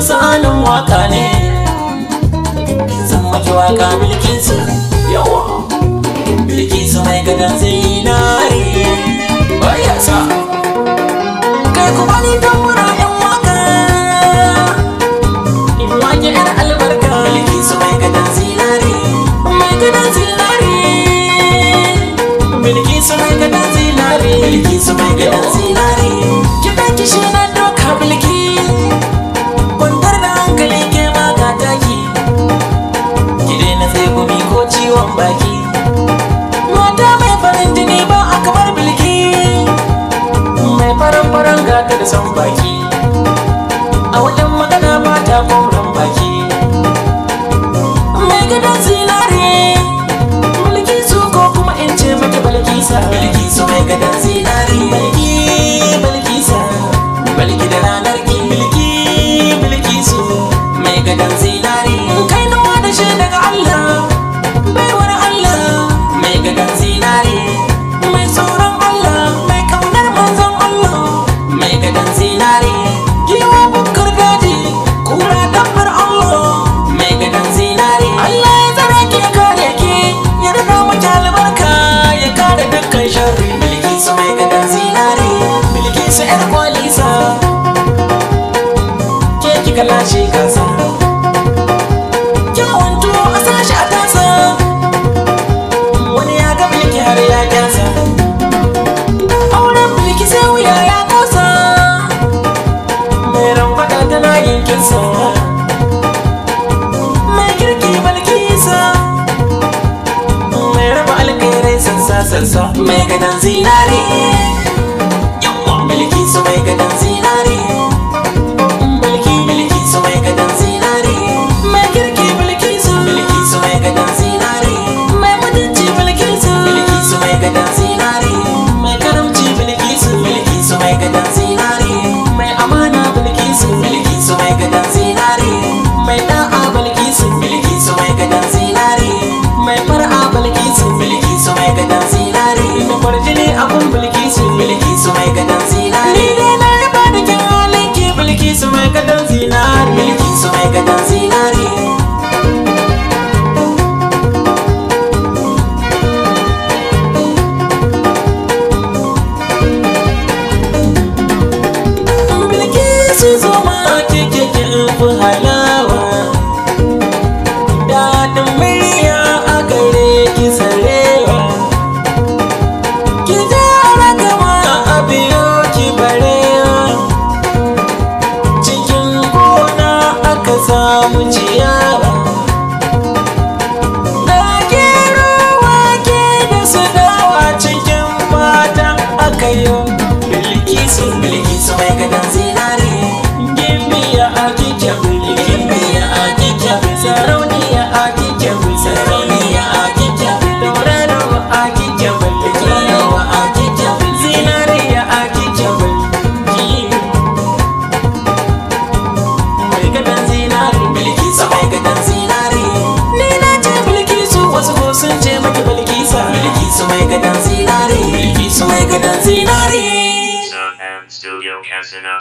san sanin waka ne zan maki waka yawa mai gadon kai kuma ni dan wura yan waka in wake albarka mai gadon zinari mai gadon zinari mai gadon zinari mai gadon zinari somebody ka lashe kansa kyawun a sashi a tasa wani ya ga bilki har ya kyasa auren bilki sai wuya ya kosa mai ramfada tana yankinsa mai kirki balkisa mai raba alkairai sansa sansa mai gadon zinare samu ciyawa Megadon Zinari. Megadon Sun and Studio Casino.